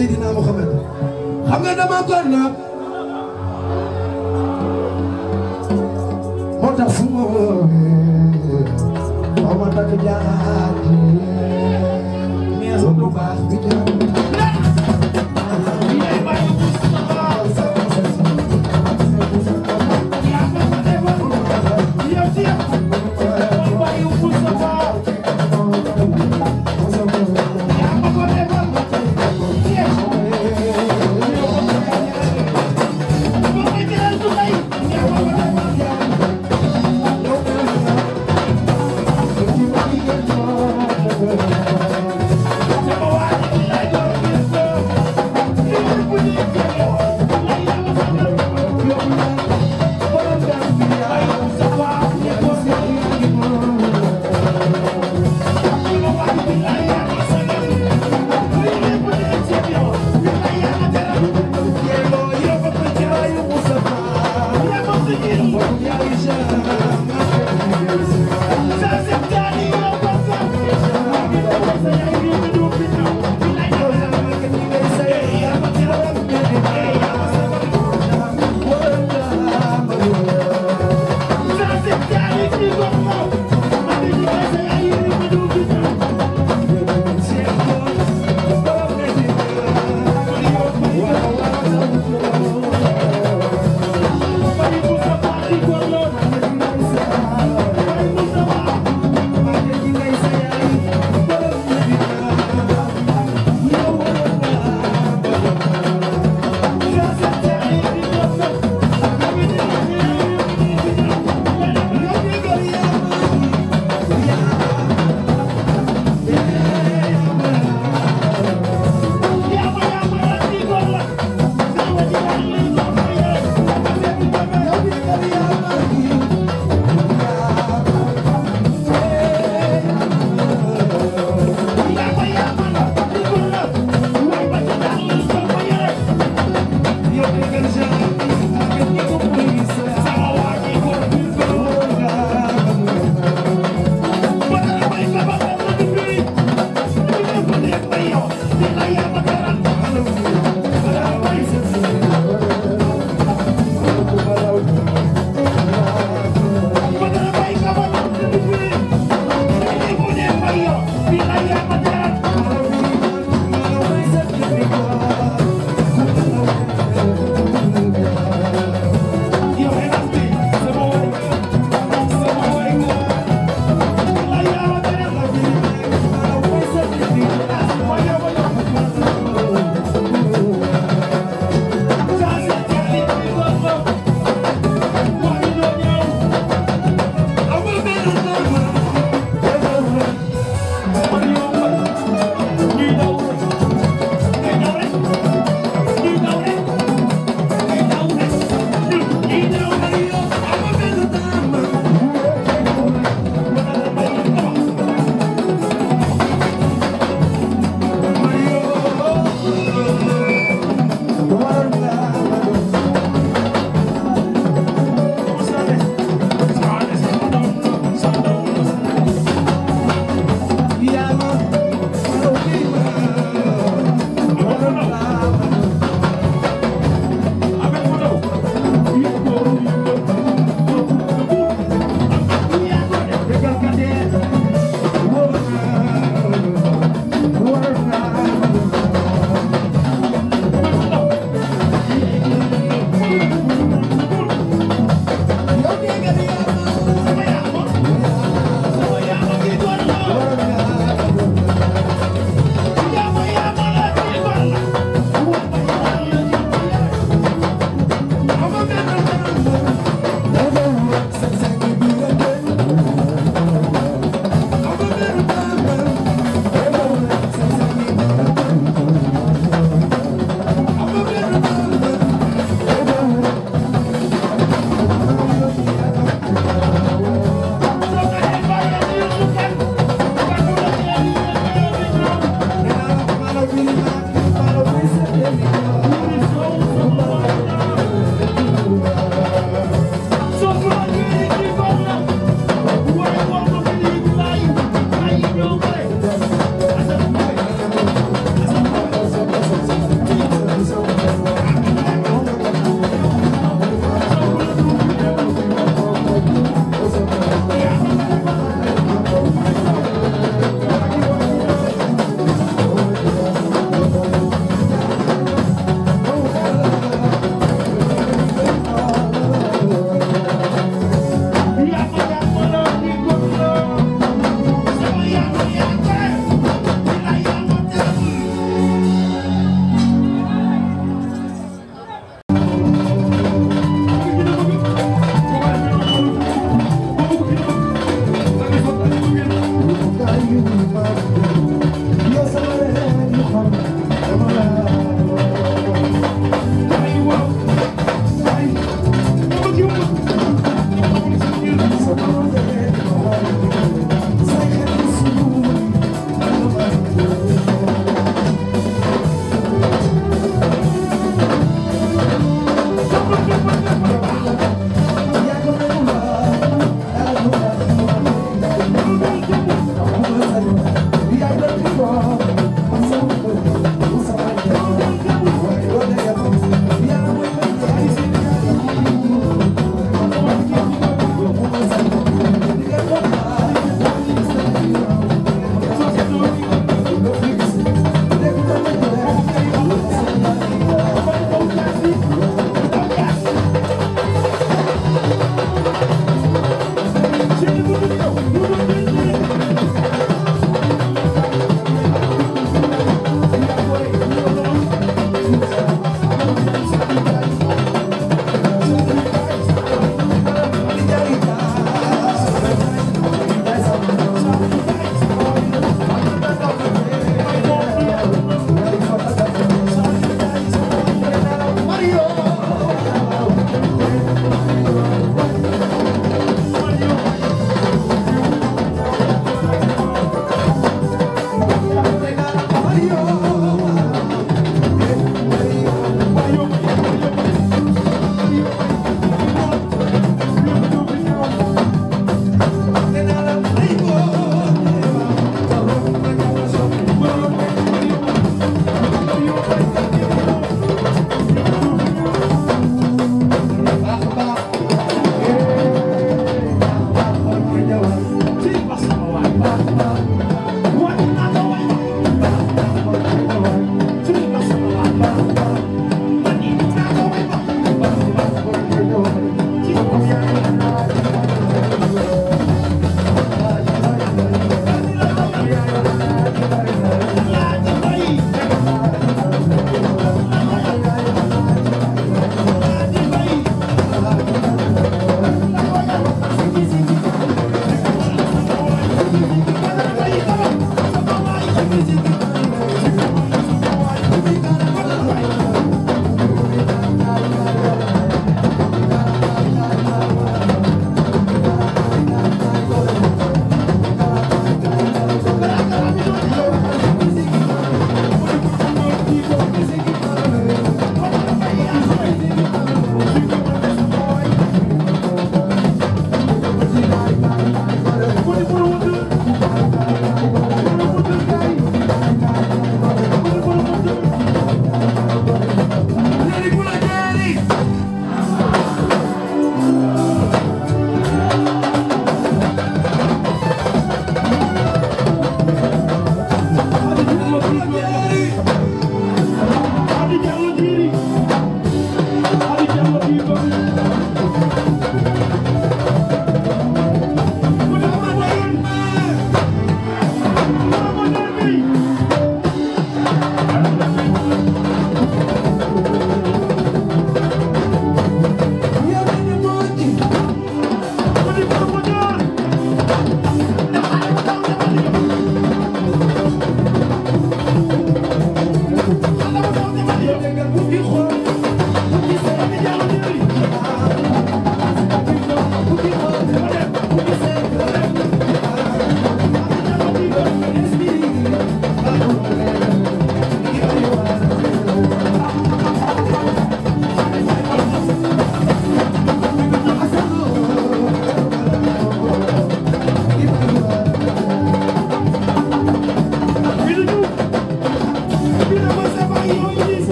Seydina Mohamed xam nga dama góor na moo tax fu ma woowee xaw ma takk jaar